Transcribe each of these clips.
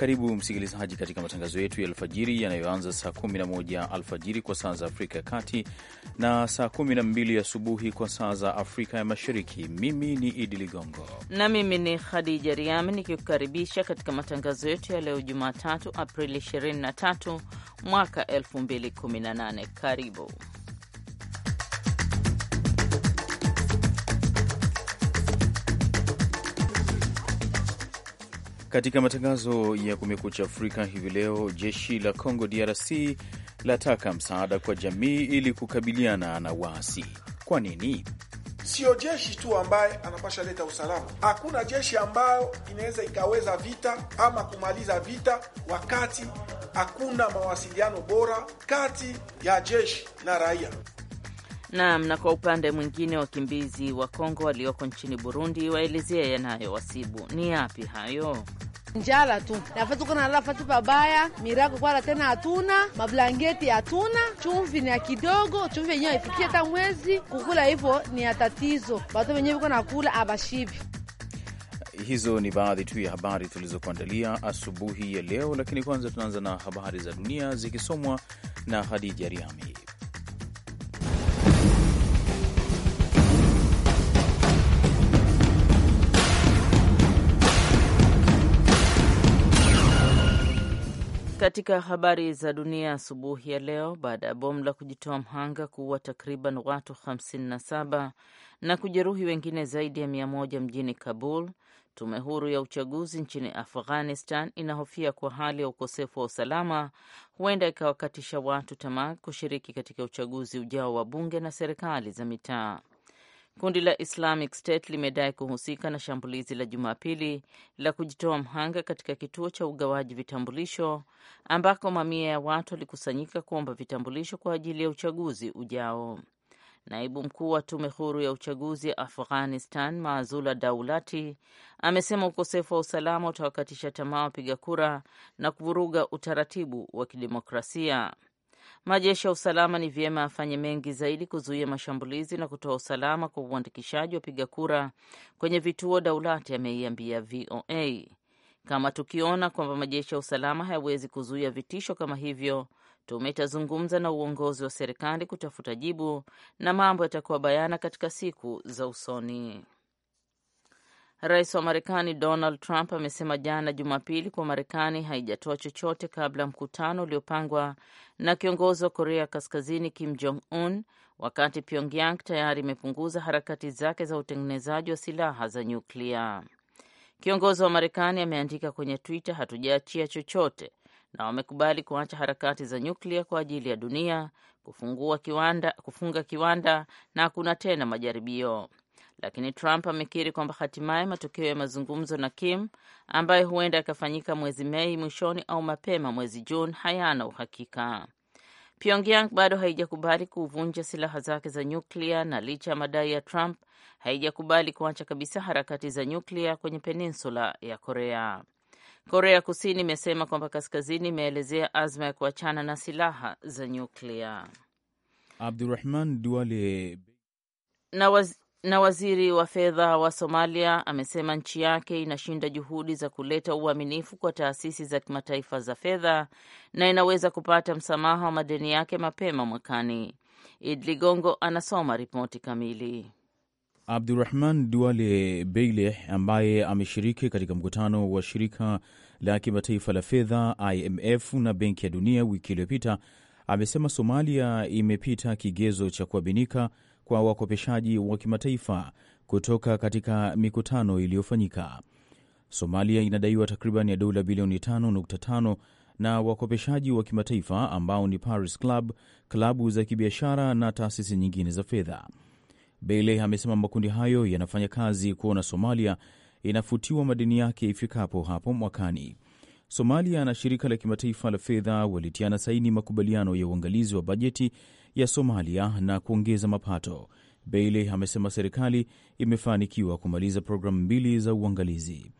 Karibu msikilizaji katika matangazo yetu ya alfajiri yanayoanza saa 11 alfajiri kwa saa za Afrika ya Kati na saa 12 asubuhi kwa saa za Afrika ya Mashariki. Mimi ni Idi Ligongo na mimi ni Khadija Riami nikikukaribisha katika matangazo yetu ya leo Jumatatu, Aprili 23 mwaka 2018. Karibu Katika matangazo ya Kumekucha Afrika hivi leo, jeshi la Congo DRC lataka msaada kwa jamii ili kukabiliana na waasi. Kwa nini? Sio jeshi tu ambaye anapasha leta usalama. Hakuna jeshi ambayo inaweza ikaweza vita ama kumaliza vita wakati hakuna mawasiliano bora kati ya jeshi na raia. Naam. Na kwa upande mwingine, wakimbizi wa Kongo walioko nchini Burundi waelezea yanayowasibu ni yapi hayo njala tu nafasi kuna lala fasi pabaya, mirago kwala tena hatuna, mablangeti hatuna, chumvi ni ya kidogo, chumvi yenyewe ifikie hata mwezi kukula, hivyo ni ya tatizo, watu wenyewe viko nakula abashivi. Hizo ni baadhi tu ya habari tulizokuandalia asubuhi ya leo, lakini kwanza tunaanza na habari za dunia zikisomwa na Hadija Riami. Katika habari za dunia asubuhi ya leo, baada ya bomu la kujitoa mhanga kuua takriban watu 57 na kujeruhi wengine zaidi ya 100 mjini Kabul, tume huru ya uchaguzi nchini Afghanistan inahofia kwa hali ya ukosefu wa usalama huenda ikawakatisha watu tamaa kushiriki katika uchaguzi ujao wa bunge na serikali za mitaa. Kundi la Islamic State limedai kuhusika na shambulizi la Jumapili la kujitoa mhanga katika kituo cha ugawaji vitambulisho ambako mamia ya watu walikusanyika kuomba vitambulisho kwa ajili ya uchaguzi ujao. Naibu mkuu wa tume huru ya uchaguzi ya Afghanistan, Maazula Daulati, amesema ukosefu wa usalama utawakatisha tamaa wapiga kura na kuvuruga utaratibu wa kidemokrasia. Majeshi ya usalama ni vyema afanye mengi zaidi kuzuia mashambulizi na kutoa usalama kwa uandikishaji wa piga kura kwenye vituo, Daulati ameiambia VOA. Kama tukiona kwamba majeshi ya usalama hayawezi kuzuia vitisho kama hivyo, tume itazungumza na uongozi wa serikali kutafuta jibu, na mambo yatakuwa bayana katika siku za usoni. Rais wa Marekani Donald Trump amesema jana Jumapili kuwa Marekani haijatoa chochote kabla mkutano uliopangwa na kiongozi wa Korea Kaskazini Kim Jong Un, wakati Pyongyang tayari imepunguza harakati zake za utengenezaji wa silaha za nyuklia. Kiongozi wa Marekani ameandika kwenye Twitter, hatujaachia chochote na wamekubali kuacha harakati za nyuklia kwa ajili ya dunia, kufungua kiwanda, kufunga kiwanda na hakuna tena majaribio lakini Trump amekiri kwamba hatimaye matokeo ya mazungumzo na Kim ambayo huenda yakafanyika mwezi Mei mwishoni au mapema mwezi Juni hayana uhakika. Pyongyang bado haijakubali kuvunja silaha zake za nyuklia na licha ya madai ya Trump haijakubali kuacha kabisa harakati za nyuklia kwenye peninsula ya Korea. Korea Kusini imesema kwamba Kaskazini imeelezea azma ya kuachana na silaha za nyuklia. Abdurahman Duale na waz na waziri wa fedha wa Somalia amesema nchi yake inashinda juhudi za kuleta uaminifu kwa taasisi za kimataifa za fedha na inaweza kupata msamaha wa madeni yake mapema mwakani. Id Ligongo anasoma ripoti kamili. Abdurahman Duale Beile ambaye ameshiriki katika mkutano wa shirika la kimataifa la fedha IMF na Benki ya Dunia wiki iliyopita amesema Somalia imepita kigezo cha kuaminika kwa wakopeshaji wa kimataifa kutoka katika mikutano iliyofanyika. Somalia inadaiwa takriban ya dola bilioni 5.5 na wakopeshaji wa kimataifa ambao ni Paris Club, klabu za kibiashara na taasisi nyingine za fedha. bele amesema makundi hayo yanafanya kazi kuona Somalia inafutiwa madeni yake ifikapo hapo mwakani. Somalia na shirika la kimataifa la fedha walitiana saini makubaliano ya uangalizi wa bajeti ya Somalia na kuongeza mapato. Bailey amesema serikali imefanikiwa kumaliza programu mbili za uangalizi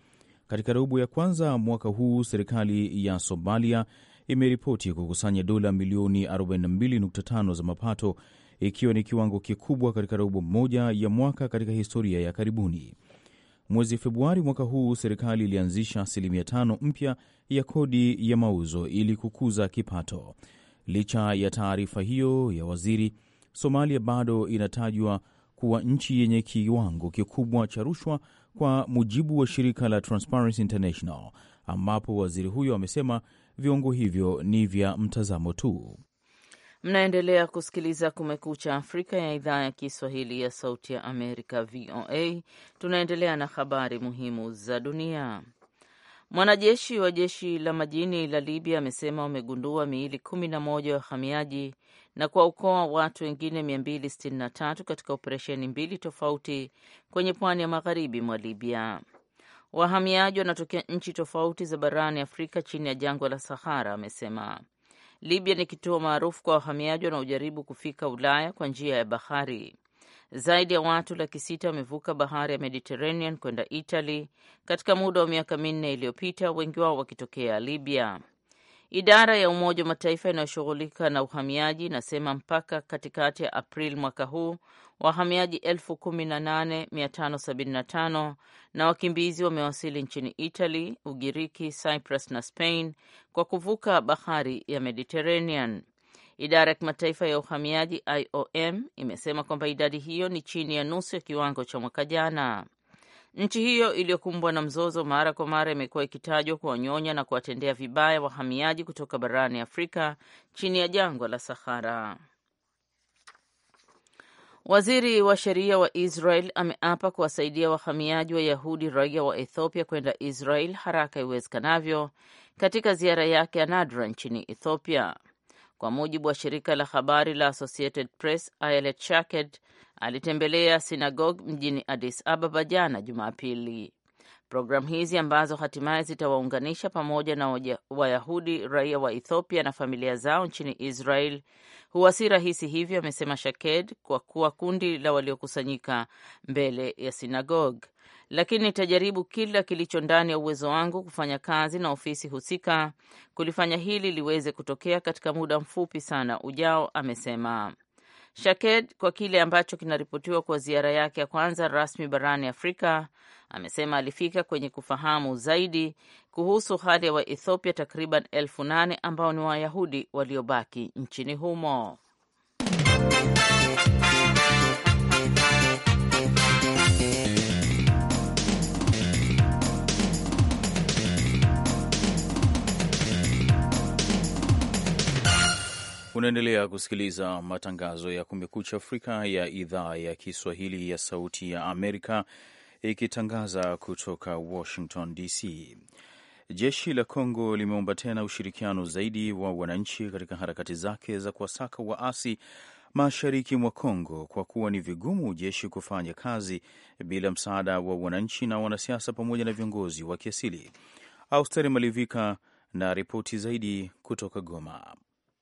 katika robo ya kwanza mwaka huu. Serikali ya Somalia imeripoti kukusanya dola milioni 42.5 za mapato, ikiwa ni kiwango kikubwa katika robo moja ya mwaka katika historia ya karibuni. Mwezi Februari mwaka huu serikali ilianzisha asilimia tano mpya ya kodi ya mauzo ili kukuza kipato. Licha ya taarifa hiyo ya waziri, Somalia bado inatajwa kuwa nchi yenye kiwango kikubwa cha rushwa kwa mujibu wa shirika la Transparency International, ambapo waziri huyo amesema viwango hivyo ni vya mtazamo tu. Mnaendelea kusikiliza Kumekucha Afrika ya idhaa ya Kiswahili ya Sauti ya Amerika, VOA. Tunaendelea na habari muhimu za dunia. Mwanajeshi wa jeshi la majini la Libya amesema wamegundua miili kumi na moja ya wahamiaji na kuwaokoa watu wengine 263 katika operesheni mbili tofauti kwenye pwani ya magharibi mwa Libya. Wahamiaji wanatokea nchi tofauti za barani Afrika chini ya jangwa la Sahara, amesema. Libya ni kituo maarufu kwa wahamiaji wanaojaribu kufika Ulaya kwa njia ya bahari. Zaidi ya watu laki sita wamevuka bahari ya Mediterranean kwenda Italy katika muda wa miaka minne iliyopita, wengi wao wakitokea Libya. Idara ya Umoja wa Mataifa inayoshughulika na uhamiaji inasema mpaka katikati ya Aprili mwaka huu wahamiaji 18575 na wakimbizi wamewasili nchini Italy, Ugiriki, Cyprus na Spain kwa kuvuka bahari ya Mediterranean. Idara ya kimataifa ya uhamiaji IOM imesema kwamba idadi hiyo ni chini ya nusu ya kiwango cha mwaka jana. Nchi hiyo iliyokumbwa na mzozo mara kwa mara imekuwa ikitajwa kuwanyonya na kuwatendea vibaya wahamiaji kutoka barani Afrika chini ya jangwa la Sahara. Waziri wa sheria wa Israel ameapa kuwasaidia wahamiaji wa Yahudi raia wa Ethiopia kwenda Israel haraka iwezekanavyo katika ziara yake ya nadra nchini Ethiopia. Kwa mujibu wa shirika la habari la Associated Press, Ayelet Shaked alitembelea sinagog mjini Addis Ababa jana Jumapili. Programu hizi ambazo hatimaye zitawaunganisha pamoja na Wayahudi raia wa Ethiopia na familia zao nchini Israel huwa si rahisi hivyo, amesema Shaked, kwa kuwa kundi la waliokusanyika mbele ya sinagogue lakini nitajaribu kila kilicho ndani ya uwezo wangu kufanya kazi na ofisi husika kulifanya hili liweze kutokea katika muda mfupi sana ujao, amesema Shaked. Kwa kile ambacho kinaripotiwa kwa ziara yake ya kwanza rasmi barani Afrika, amesema alifika kwenye kufahamu zaidi kuhusu hali ya Waethiopia takriban elfu nane ambao ni Wayahudi waliobaki nchini humo. Unaendelea kusikiliza matangazo ya Kumekucha Afrika ya idhaa ya Kiswahili ya Sauti ya Amerika ikitangaza kutoka Washington DC. Jeshi la Kongo limeomba tena ushirikiano zaidi wa wananchi katika harakati zake za kuwasaka waasi mashariki mwa Kongo, kwa kuwa ni vigumu jeshi kufanya kazi bila msaada wa wananchi na wanasiasa pamoja na viongozi wa kiasili. Austeri Malivika na ripoti zaidi kutoka Goma.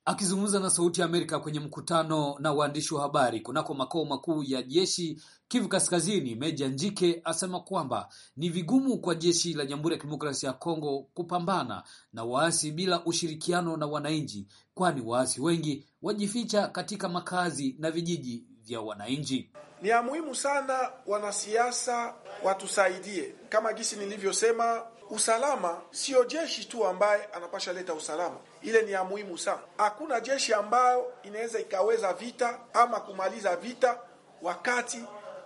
Akizungumza na Sauti ya Amerika kwenye mkutano na waandishi wa habari kunako makao makuu ya jeshi Kivu Kaskazini, Meja Njike asema kwamba ni vigumu kwa jeshi la Jamhuri ya Kidemokrasia ya Kongo kupambana na waasi bila ushirikiano na wananchi, kwani waasi wengi wajificha katika makazi na vijiji vya wananchi. Ni ya muhimu sana wanasiasa watusaidie, kama gisi nilivyosema, usalama sio jeshi tu ambaye anapasha leta usalama ile ni ya muhimu sana. Hakuna jeshi ambayo inaweza ikaweza vita ama kumaliza vita wakati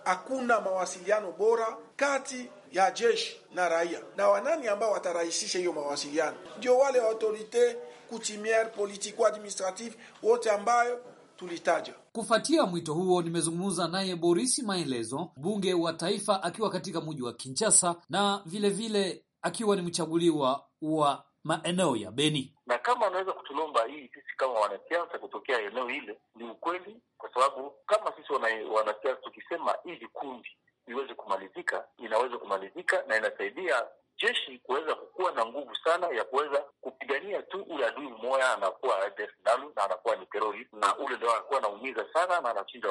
hakuna mawasiliano bora kati ya jeshi na raia. Na wanani ambao watarahisisha hiyo mawasiliano? Ndio wale wa autorite kutimiere politico administratif wote ambayo tulitaja. Kufuatia mwito huo, nimezungumza naye Boris Maelezo, mbunge wa taifa, akiwa katika mji wa Kinshasa na vilevile vile akiwa ni mchaguliwa wa maeneo ya Beni na kama anaweza kutulomba hii sisi kama wanasiasa kutokea eneo hile, ni ukweli, kwa sababu kama sisi wanasiasa tukisema hili kundi iweze kumalizika, inaweza kumalizika na inasaidia jeshi kuweza kukuwa na nguvu sana ya kuweza kupigania tu ule adui mmoya anakuwa nalu na anakuwa ni terori, na ule ndo anakuwa anaumiza sana na anachinja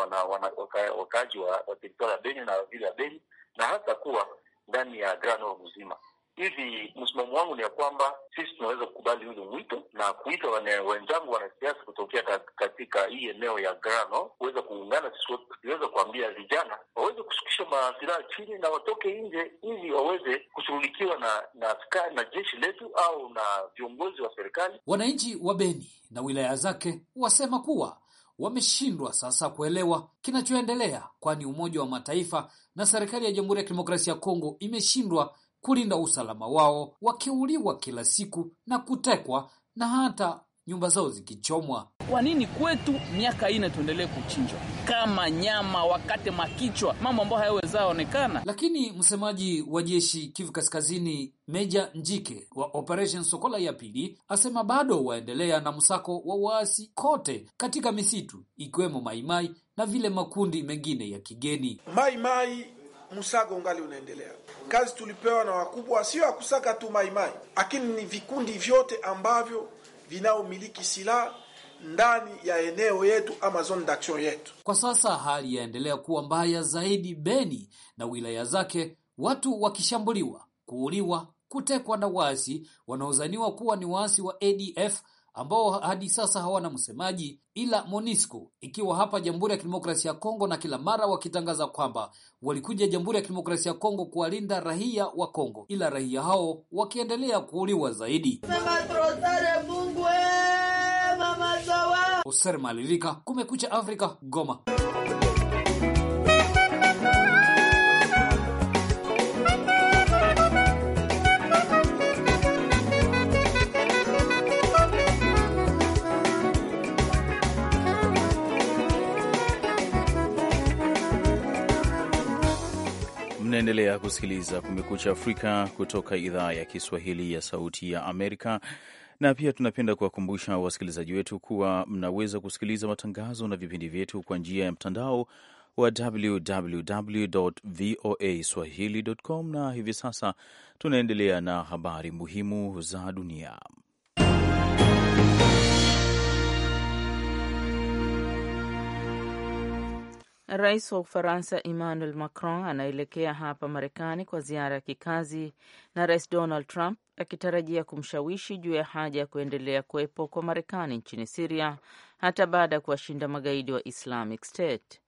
wakaaji wa teritori ya Beni na vile ya Beni na hata kuwa ndani ya grano mzima. Hivi msimamo wangu ni ya kwamba sisi tunaweza kukubali ule mwito na kuita wenzangu wanasiasa kutokea katika hii eneo ya Grano kuweza kuungana, tuliweza kuambia vijana waweze kushukisha masilaha chini na watoke nje, ili waweze kushughulikiwa na na askari na jeshi letu au na viongozi wa serikali. Wananchi wa Beni na wilaya zake wasema kuwa wameshindwa sasa kuelewa kinachoendelea, kwani Umoja wa Mataifa na serikali ya Jamhuri ya Kidemokrasia ya Kongo imeshindwa kulinda usalama wao, wakiuliwa kila siku na kutekwa na hata nyumba zao zikichomwa. Kwa nini kwetu miaka ine tuendelee kuchinjwa kama nyama, wakati makichwa, mambo ambayo hayaweza onekana Lakini msemaji wa jeshi Kivu Kaskazini, Meja Njike wa Operation Sokola ya pili, asema bado waendelea na msako wa waasi kote katika misitu ikiwemo Maimai na vile makundi mengine ya kigeni. Maimai msago ungali unaendelea. Kazi tulipewa na wakubwa sio ya kusaka tu maimai, lakini ni vikundi vyote ambavyo vinaomiliki silaha ndani ya eneo yetu ama zone d'action yetu. Kwa sasa hali yaendelea kuwa mbaya zaidi Beni na wilaya zake, watu wakishambuliwa, kuuliwa, kutekwa na waasi wanaozaniwa kuwa ni waasi wa ADF ambao hadi sasa hawana msemaji ila Monisco ikiwa hapa Jamhuri ya Kidemokrasia ya Kongo, na kila mara wakitangaza kwamba walikuja Jamhuri ya Kidemokrasia ya Kongo kuwalinda raia wa Kongo, ila raia hao wakiendelea kuuliwa zaidi. Oser Malivika, Kumekucha Afrika, Goma. Unaendelea kusikiliza Kumekucha Afrika kutoka idhaa ya Kiswahili ya Sauti ya Amerika. Na pia tunapenda kuwakumbusha wasikilizaji wetu kuwa mnaweza kusikiliza matangazo na vipindi vyetu kwa njia ya mtandao wa www voa swahili com, na hivi sasa tunaendelea na habari muhimu za dunia. Rais wa Ufaransa Emmanuel Macron anaelekea hapa Marekani kwa ziara ya kikazi na Rais Donald Trump akitarajia kumshawishi juu ya haja ya kuendelea kuwepo kwa Marekani nchini Siria hata baada ya kuwashinda magaidi wa Islamic State.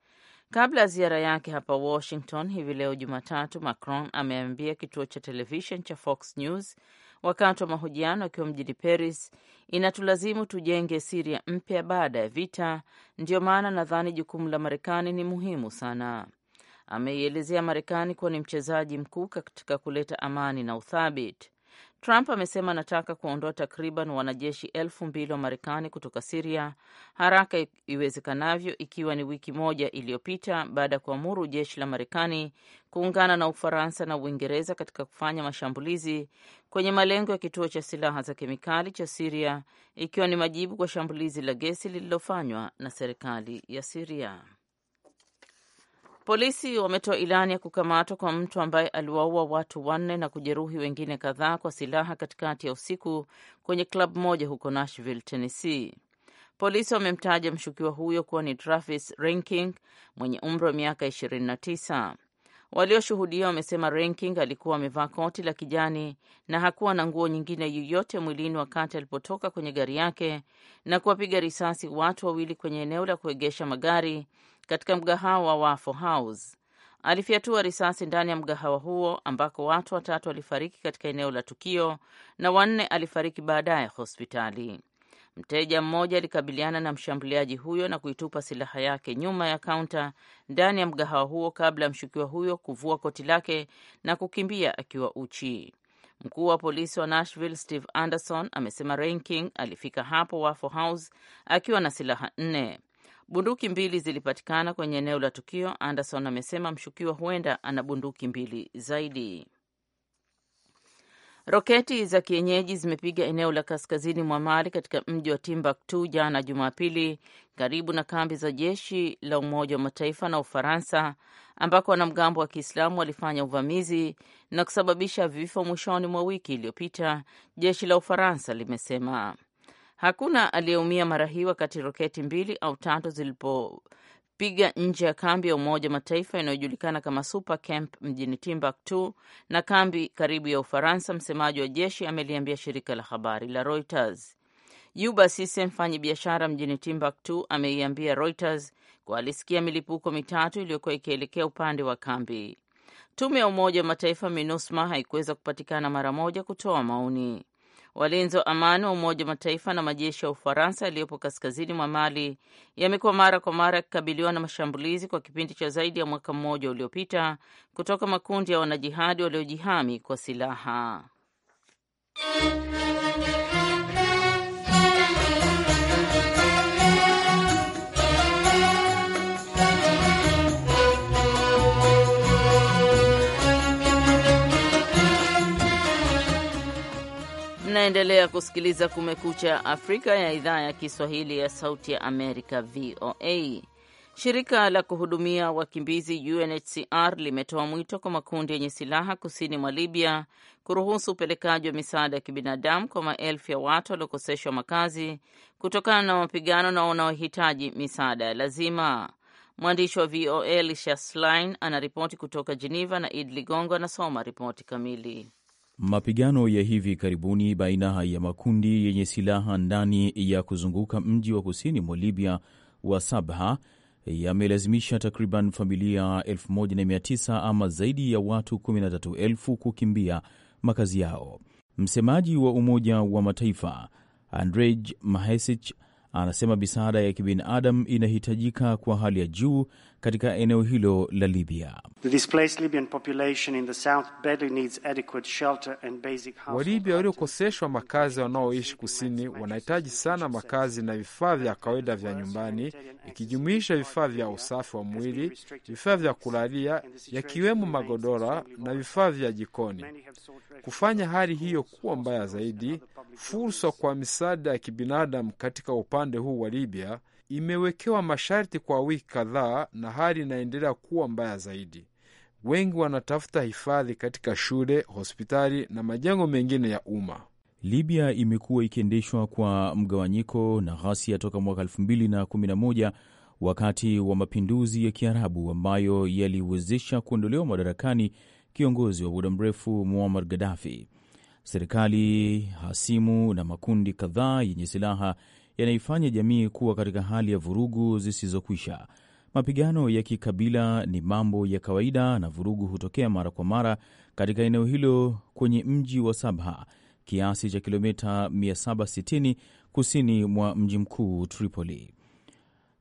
Kabla ya ziara yake hapa Washington hivi leo Jumatatu, Macron ameambia kituo cha televishen cha Fox News wakati wa mahojiano akiwa mjini Paris Inatulazimu tujenge Siria mpya baada ya vita. Ndiyo maana nadhani jukumu la Marekani ni muhimu sana. Ameielezea Marekani kuwa ni mchezaji mkuu katika kuleta amani na uthabiti. Trump amesema anataka kuondoa takriban wanajeshi elfu mbili wa Marekani kutoka Siria haraka iwezekanavyo, ikiwa ni wiki moja iliyopita baada ya kuamuru jeshi la Marekani kuungana na Ufaransa na Uingereza katika kufanya mashambulizi kwenye malengo ya kituo cha silaha za kemikali cha Siria, ikiwa ni majibu kwa shambulizi la gesi lililofanywa na serikali ya Siria. Polisi wametoa ilani ya kukamatwa kwa mtu ambaye aliwaua watu wanne na kujeruhi wengine kadhaa kwa silaha katikati ya usiku kwenye klabu moja huko Nashville, Tennessee. Polisi wamemtaja mshukiwa huyo kuwa ni Travis Ranking mwenye umri wa miaka 29. Walioshuhudia wamesema Ranking alikuwa amevaa koti la kijani na hakuwa na nguo nyingine yoyote mwilini wakati alipotoka kwenye gari yake na kuwapiga risasi watu wawili kwenye eneo la kuegesha magari katika mgahawa wa Waffle House. Alifyatua risasi ndani ya mgahawa huo ambako watu watatu walifariki katika eneo la tukio na wanne alifariki baadaye hospitali. Mteja mmoja alikabiliana na mshambuliaji huyo na kuitupa silaha yake nyuma ya kaunta ndani ya mgahawa huo kabla ya mshukiwa huyo kuvua koti lake na kukimbia akiwa uchi. Mkuu wa polisi wa Nashville Steve Anderson amesema Ranking alifika hapo Waffle House akiwa na silaha nne. Bunduki mbili zilipatikana kwenye eneo la tukio. Anderson amesema mshukiwa huenda ana bunduki mbili zaidi. Roketi za kienyeji zimepiga eneo la kaskazini mwa Mali katika mji wa Timbuktu jana Jumapili, karibu na kambi za jeshi la Umoja wa Mataifa na Ufaransa, ambako wanamgambo wa Kiislamu walifanya uvamizi na kusababisha vifo mwishoni mwa wiki iliyopita, jeshi la Ufaransa limesema. Hakuna aliyeumia mara hii, wakati roketi mbili au tatu zilipopiga nje ya kambi ya Umoja wa Mataifa inayojulikana kama Super Camp mjini Timbuktu na kambi karibu ya Ufaransa. Msemaji wa jeshi ameliambia shirika la habari la Reuters. Yuba Sise, mfanyi biashara mjini Timbuktu, ameiambia Reuters kuwa alisikia milipuko mitatu iliyokuwa ikielekea upande wa kambi. Tume ya Umoja wa Mataifa MINUSMA haikuweza kupatikana mara moja kutoa maoni. Walinzi wa amani wa Umoja wa Mataifa na majeshi ya Ufaransa yaliyopo kaskazini mwa Mali yamekuwa mara kwa mara yakikabiliwa na mashambulizi kwa kipindi cha zaidi ya mwaka mmoja uliopita kutoka makundi ya wanajihadi waliojihami kwa silaha. Mnaendelea kusikiliza Kumekucha Afrika ya idhaa ya Kiswahili ya Sauti ya Amerika, VOA. Shirika la kuhudumia wakimbizi UNHCR limetoa mwito kwa makundi yenye silaha kusini mwa Libya kuruhusu upelekaji wa misaada ya kibinadamu kwa maelfu ya watu waliokoseshwa makazi kutokana na mapigano na wanaohitaji misaada ya lazima. Mwandishi wa VOA Lisha slein anaripoti kutoka Geneva na Id Ligongo anasoma ripoti kamili. Mapigano ya hivi karibuni baina ya makundi yenye silaha ndani ya kuzunguka mji wa kusini mwa Libya wa Sabha yamelazimisha takriban familia 1900 ama zaidi ya watu 13,000 kukimbia makazi yao. Msemaji wa Umoja wa Mataifa Andrej Mahesich anasema misaada ya kibinadamu inahitajika kwa hali ya juu katika eneo hilo la Libya. Walibya waliokoseshwa makazi wanaoishi kusini wanahitaji sana makazi na vifaa vya kawaida vya nyumbani, ikijumuisha vifaa vya usafi wa mwili, vifaa vya kulalia yakiwemo magodora na vifaa vya jikoni. Kufanya hali hiyo kuwa mbaya zaidi, fursa kwa misaada ya kibinadamu katika upande huu wa Libya imewekewa masharti kwa wiki kadhaa na hali inaendelea kuwa mbaya zaidi. Wengi wanatafuta hifadhi katika shule, hospitali na majengo mengine ya umma. Libya imekuwa ikiendeshwa kwa mgawanyiko na ghasia toka mwaka 2011 wakati wa mapinduzi ya Kiarabu ambayo yaliwezesha kuondolewa madarakani kiongozi wa muda mrefu Muammar Gaddafi. Serikali hasimu na makundi kadhaa yenye silaha yanaifanya jamii kuwa katika hali ya vurugu zisizokwisha. Mapigano ya kikabila ni mambo ya kawaida na vurugu hutokea mara kwa mara katika eneo hilo kwenye mji wa Sabha, kiasi cha kilomita 760 kusini mwa mji mkuu Tripoli.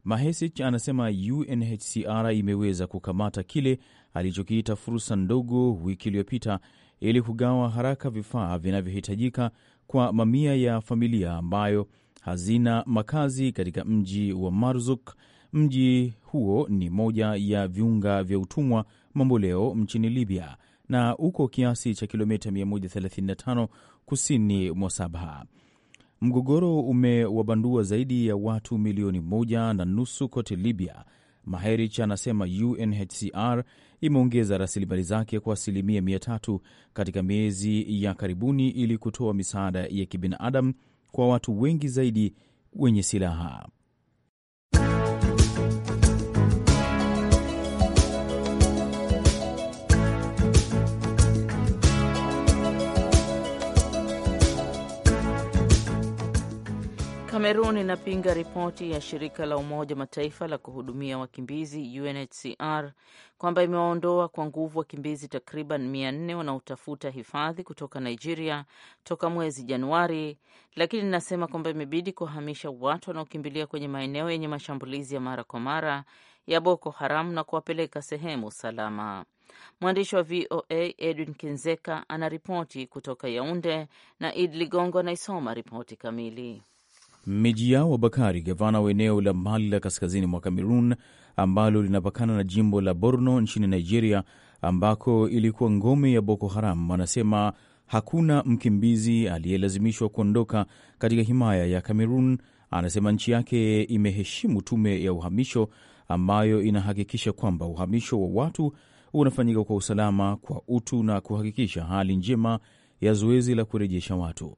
Mahesich anasema UNHCR imeweza kukamata kile alichokiita fursa ndogo wiki iliyopita ili kugawa haraka vifaa vinavyohitajika kwa mamia ya familia ambayo hazina makazi katika mji wa Marzuk. Mji huo ni moja ya viunga vya utumwa mamboleo nchini Libya na uko kiasi cha kilomita 135 kusini mwa Sabha. Mgogoro umewabandua zaidi ya watu milioni moja na nusu kote Libya. Maherich anasema UNHCR imeongeza rasilimali zake kwa asilimia mia tatu katika miezi ya karibuni ili kutoa misaada ya kibinadamu kwa watu wengi zaidi wenye silaha. Kamerun inapinga ripoti ya shirika la Umoja Mataifa la kuhudumia wakimbizi UNHCR kwamba imewaondoa kwa nguvu wakimbizi takriban mia nne wanaotafuta hifadhi kutoka Nigeria toka mwezi Januari, lakini inasema kwamba imebidi kuwahamisha watu wanaokimbilia kwenye maeneo yenye mashambulizi ya mara kwa mara ya Boko Haram na kuwapeleka sehemu salama. Mwandishi wa VOA Edwin Kinzeka anaripoti kutoka Yaunde na Id Ligongo anaisoma ripoti kamili wa Bakari, gavana wa eneo la Mbali la kaskazini mwa Kamerun ambalo linapakana na jimbo la Borno nchini Nigeria, ambako ilikuwa ngome ya Boko Haram, anasema hakuna mkimbizi aliyelazimishwa kuondoka katika himaya ya Kamerun. Anasema nchi yake imeheshimu tume ya uhamisho ambayo inahakikisha kwamba uhamisho wa watu unafanyika kwa usalama, kwa utu na kuhakikisha hali njema ya zoezi la kurejesha watu.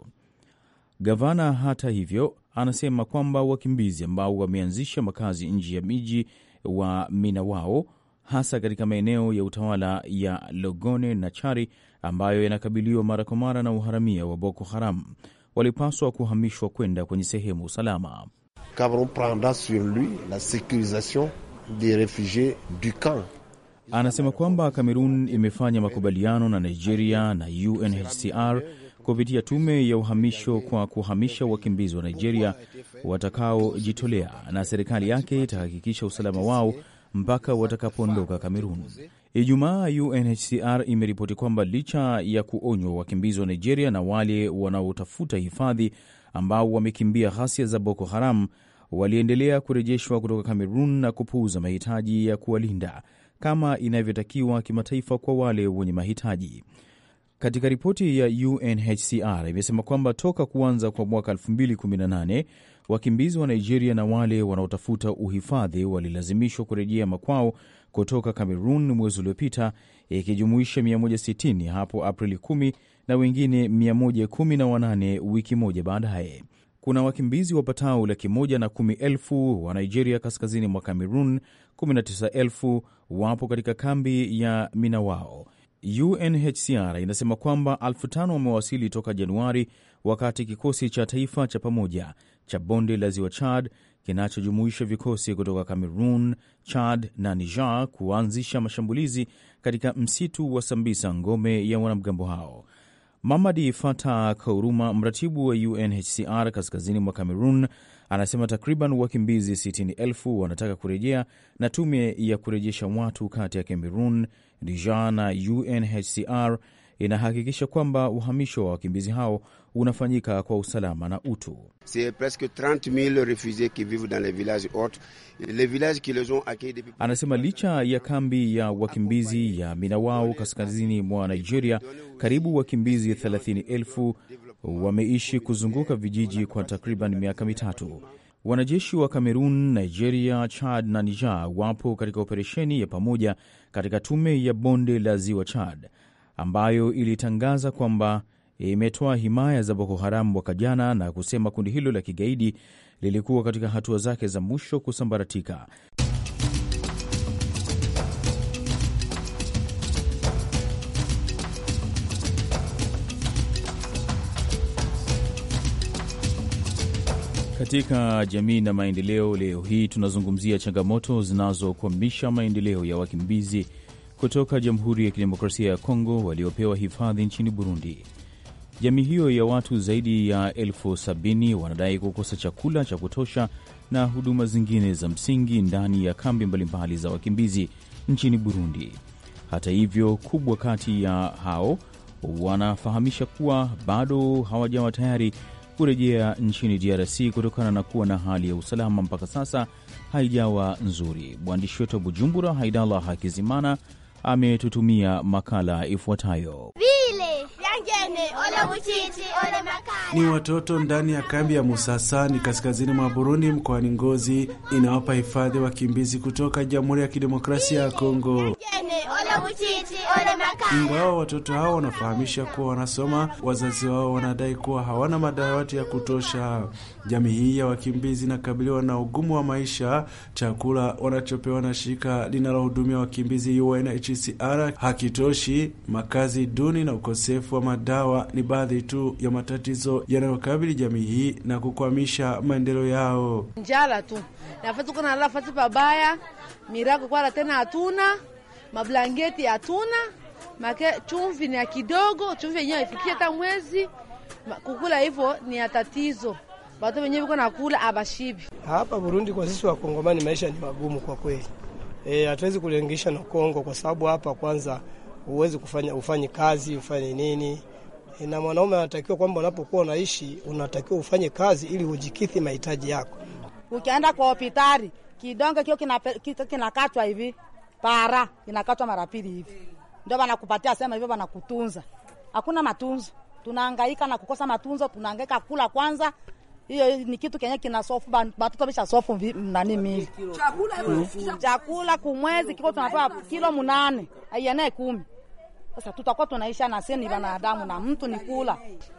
Gavana hata hivyo, anasema kwamba wakimbizi ambao wameanzisha makazi nje ya miji wa mina wao, hasa katika maeneo ya utawala ya Logone na Chari ambayo yanakabiliwa mara kwa mara na uharamia wa Boko Haram, walipaswa kuhamishwa kwenda kwenye sehemu salama. Anasema kwamba Kamerun imefanya makubaliano na Nigeria na UNHCR kupitia tume ya uhamisho kwa kuhamisha wakimbizi wa Nigeria watakaojitolea, na serikali yake itahakikisha usalama wao mpaka watakapoondoka Kamerun. Ijumaa, UNHCR imeripoti kwamba licha ya kuonywa wakimbizi wa Nigeria na wale wanaotafuta hifadhi ambao wamekimbia ghasia za Boko Haram waliendelea kurejeshwa kutoka Kamerun na kupuuza mahitaji ya kuwalinda kama inavyotakiwa kimataifa kwa wale wenye mahitaji. Katika ripoti ya UNHCR imesema kwamba toka kuanza kwa mwaka 2018 wakimbizi wa Nigeria na wale wanaotafuta uhifadhi walilazimishwa kurejea makwao kutoka Cameroon mwezi uliopita, ikijumuisha 160 hapo Aprili 10 na wengine 118 wiki moja baadaye. Kuna wakimbizi wapatao laki moja na kumi elfu wa Nigeria kaskazini mwa Cameroon, 19 elfu wapo katika kambi ya Minawao UNHCR inasema kwamba elfu tano wamewasili toka Januari, wakati kikosi cha taifa cha pamoja cha bonde la ziwa Chad kinachojumuisha vikosi kutoka Cameroon, Chad na Niger kuanzisha mashambulizi katika msitu wa Sambisa, ngome ya wanamgambo hao. Mamadi Fata Kauruma, mratibu wa UNHCR kaskazini mwa Cameroon, Anasema takriban wakimbizi 60,000 wanataka kurejea, na tume ya kurejesha watu kati ya Cameroon, Niger na UNHCR inahakikisha kwamba uhamisho wa wakimbizi hao unafanyika kwa usalama na utu. Anasema licha ya kambi ya wakimbizi ya Minawao kaskazini mwa Nigeria, karibu wakimbizi elfu wameishi kuzunguka vijiji kwa takriban miaka mitatu. Wanajeshi wa Kamerun, Nigeria, Chad na Niger wapo katika operesheni ya pamoja katika tume ya bonde la ziwa Chad ambayo ilitangaza kwamba imetoa himaya za Boko Haram mwaka jana na kusema kundi hilo la kigaidi lilikuwa katika hatua zake za mwisho kusambaratika. Katika jamii na maendeleo, leo hii tunazungumzia changamoto zinazokwamisha maendeleo ya wakimbizi kutoka Jamhuri ya Kidemokrasia ya Kongo waliopewa hifadhi nchini Burundi. Jamii hiyo ya watu zaidi ya elfu sabini wanadai kukosa chakula cha kutosha na huduma zingine za msingi ndani ya kambi mbalimbali za wakimbizi nchini Burundi. Hata hivyo, kubwa kati ya hao wanafahamisha kuwa bado hawajawa tayari kurejea nchini DRC kutokana na kuwa na hali ya usalama mpaka sasa haijawa nzuri. Mwandishi wetu wa Bujumbura, Haidallah Hakizimana, ametutumia makala ifuatayo ni watoto ndani ya kambi ya Musasani kaskazini mwa Burundi mkoani Ngozi inawapa hifadhi wakimbizi kutoka Jamhuri ya Kidemokrasia ya Kongo. Ingawa watoto hao wanafahamisha kuwa wanasoma, wazazi wao wanadai kuwa hawana madawati ya kutosha. Jamii hii ya wakimbizi inakabiliwa na ugumu wa maisha. Chakula wanachopewa na shirika linalohudumia wakimbizi UNHCR hakitoshi, makazi duni na ukosefu wa madawa ni baadhi tu ya matatizo yanayokabili jamii hii na kukwamisha maendeleo yao. Njala tu nafatuko nalala fasi pabaya, mirago kwala tena hatuna, mablangeti hatuna, make chumvi ni ya kidogo, chumvi yenyewe ifikie hata mwezi. Kukula hivyo ni ya tatizo, watu wenyewe viko nakula abashibi. Hapa Burundi kwa sisi Wakongomani maisha ni magumu kwa kweli. Eh, hatuwezi E, hatuwezi na Kongo kwa sababu hapa kwanza huwezi kufanya ufanye kazi ufanye nini na mwanaume anatakiwa kwamba unapokuwa unaishi unatakiwa ufanye kazi ili ujikithi mahitaji yako. Ukienda kwa hospitali kidonge kio kinakatwa hivi, para inakatwa mara pili hivi, ndio wanakupatia sema hivyo, wanakutunza. Hakuna matunzo, tunahangaika na kukosa matunzo, tunahangaika kula kwanza. Hiyo ni kitu kenye kina sofu batoto bisha sofu nani mili chakula kumwezi kiko tunapewa kilo munane aienee kumi sasa tutakuwa tunaisha na ni wanadamu na mtu ni kula.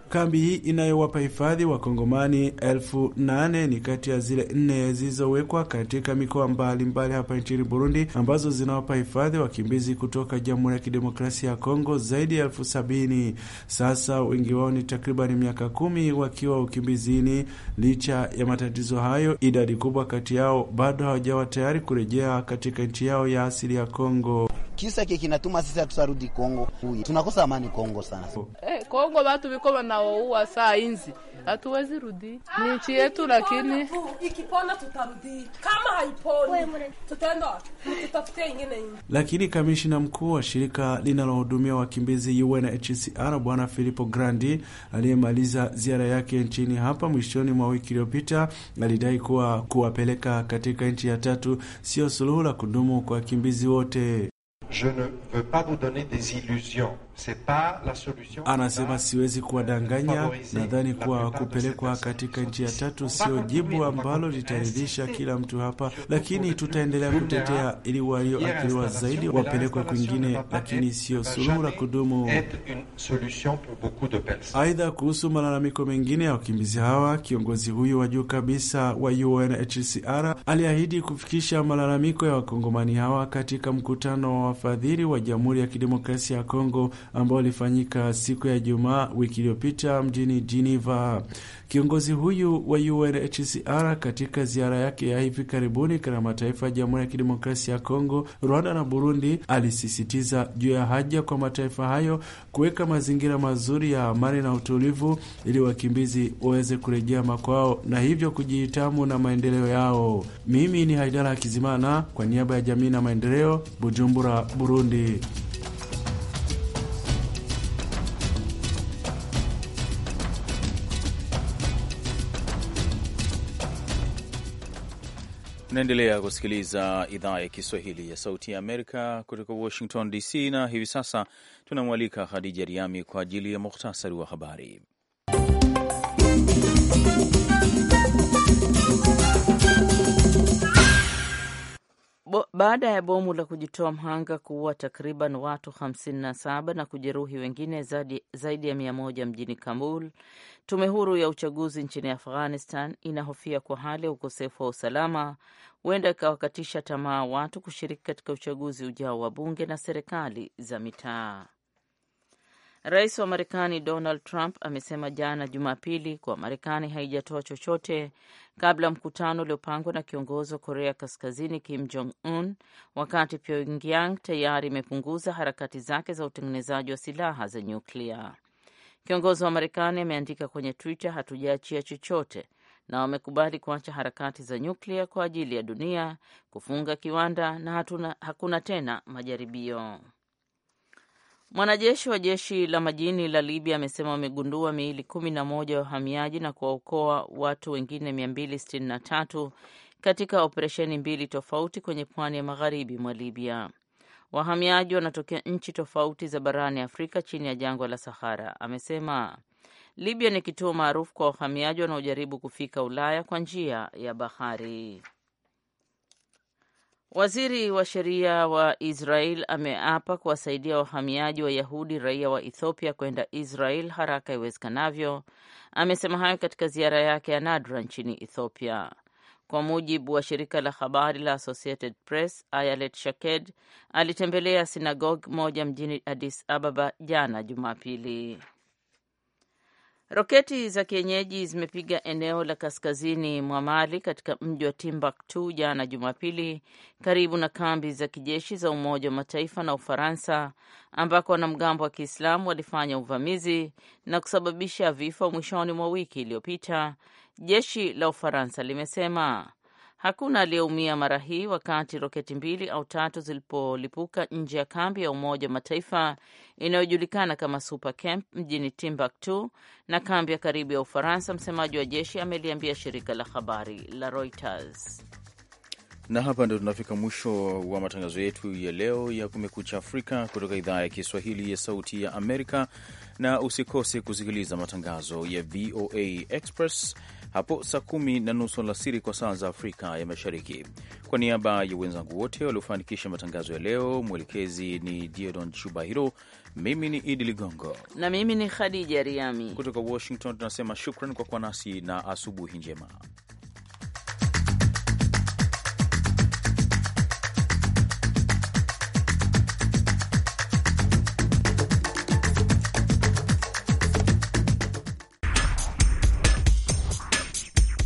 Kambi hii inayowapa hifadhi wakongomani elfu nane ni kati ya zile nne zilizowekwa katika mikoa mbalimbali hapa nchini Burundi, ambazo zinawapa hifadhi wakimbizi kutoka Jamhuri ya Kidemokrasia ya Kongo zaidi ya elfu sabini. Sasa wengi wao ni takriban miaka kumi wakiwa ukimbizini. Licha ya matatizo hayo, idadi kubwa kati yao bado hawajawa tayari kurejea katika nchi yao ya asili ya Kongo kisa ke kinatuma sisi hatusarudi Kongo, tunakosa amani Kongo sana. Hey, eh, Kongo watu viko wanaoua saa inzi, hatuwezi rudi ni ah, nchi yetu, lakini ikipona tutarudi, kama haiponi tutaenda tutafutia nyingine. Lakini kamishina mkuu wa shirika linalohudumia wakimbizi UNHCR Bwana Filippo Grandi aliyemaliza ziara yake nchini hapa mwishoni mwa wiki iliyopita alidai kuwa kuwapeleka katika nchi ya tatu sio suluhu la kudumu kwa wakimbizi wote. Je ne veux pas vous donner des illusions. Anasema siwezi kuwadanganya. Nadhani kuwa kupelekwa katika nchi ya tatu sio jibu ambalo litaridhisha kila mtu hapa, lakini tutaendelea kutetea ili walioathiriwa zaidi wapelekwe kwingine, lakini sio suluhu la kudumu. Aidha, kuhusu malalamiko mengine ya wakimbizi hawa, kiongozi huyu wa juu kabisa wa UNHCR aliahidi kufikisha malalamiko ya wakongomani hawa katika mkutano wa wafadhili wa Jamhuri ya Kidemokrasia ya Kongo ambao ulifanyika siku ya Ijumaa wiki iliyopita mjini Geneva. Kiongozi huyu wa UNHCR katika ziara yake ya hivi karibuni katika mataifa ya Jamhuri ya Kidemokrasia ya Kongo, Rwanda na Burundi alisisitiza juu ya haja kwa mataifa hayo kuweka mazingira mazuri ya amani na utulivu ili wakimbizi waweze kurejea makwao na hivyo kujihitamu na maendeleo yao. Mimi ni Haidara Kizimana kwa niaba ya jamii na maendeleo, Bujumbura, Burundi. Unaendelea kusikiliza idhaa ya Kiswahili ya Sauti ya Amerika kutoka Washington DC, na hivi sasa tunamwalika Khadija Riami kwa ajili ya muhtasari wa habari. Bo, baada ya bomu la kujitoa mhanga kuua takriban watu 57 na kujeruhi wengine zaidi, zaidi ya 100 mjini Kabul, tume huru ya uchaguzi nchini Afghanistan inahofia kwa hali ya ukosefu wa usalama huenda ikawakatisha tamaa watu kushiriki katika uchaguzi ujao wa bunge na serikali za mitaa. Rais wa Marekani Donald Trump amesema jana Jumapili kuwa Marekani haijatoa chochote kabla mkutano uliopangwa na kiongozi wa Korea Kaskazini Kim Jong Un, wakati Pyongyang tayari imepunguza harakati zake za utengenezaji wa silaha za nyuklia. Kiongozi wa Marekani ameandika kwenye Twitter, hatujaachia chochote na wamekubali kuacha harakati za nyuklia kwa ajili ya dunia, kufunga kiwanda na hatuna, hakuna tena majaribio. Mwanajeshi wa jeshi la majini la Libya amesema wamegundua miili kumi na moja ya wahamiaji na kuwaokoa watu wengine tatu katika operesheni mbili tofauti kwenye pwani ya magharibi mwa Libya. Wahamiaji wanatokea nchi tofauti za barani Afrika chini ya jangwa la Sahara, amesema. Libya ni kituo maarufu kwa wahamiaji wanaojaribu kufika Ulaya kwa njia ya bahari. Waziri wa sheria wa Israel ameapa kuwasaidia wahamiaji wa Yahudi raia wa Ethiopia kwenda Israel haraka iwezekanavyo. Amesema hayo katika ziara yake ya nadra nchini Ethiopia. Kwa mujibu wa shirika la habari la Associated Press, Ayalet Shaked alitembelea sinagogi moja mjini Addis Ababa jana Jumapili. Roketi za kienyeji zimepiga eneo la kaskazini mwa Mali katika mji wa Timbuktu jana Jumapili, karibu na kambi za kijeshi za Umoja wa Mataifa na Ufaransa, ambako wanamgambo wa Kiislamu walifanya uvamizi na kusababisha vifo mwishoni mwa wiki iliyopita, jeshi la Ufaransa limesema. Hakuna aliyeumia mara hii wakati roketi mbili au tatu zilipolipuka nje ya kambi ya Umoja wa Mataifa inayojulikana kama Super Camp mjini Timbuktu na kambi ya karibu ya Ufaransa, msemaji wa jeshi ameliambia shirika la habari la Reuters. Na hapa ndio tunafika mwisho wa matangazo yetu ya leo ya Kumekucha Afrika kutoka idhaa ya Kiswahili ya Sauti ya Amerika, na usikose kusikiliza matangazo ya VOA Express hapo saa kumi na nusu alasiri kwa saa za Afrika ya Mashariki. Kwa niaba ya wenzangu wote waliofanikisha matangazo ya leo, mwelekezi ni Diodon Chubahiro, mimi ni Idi Ligongo na mimi ni Khadija Riami kutoka Washington, tunasema shukran kwa kuwa nasi na asubuhi njema.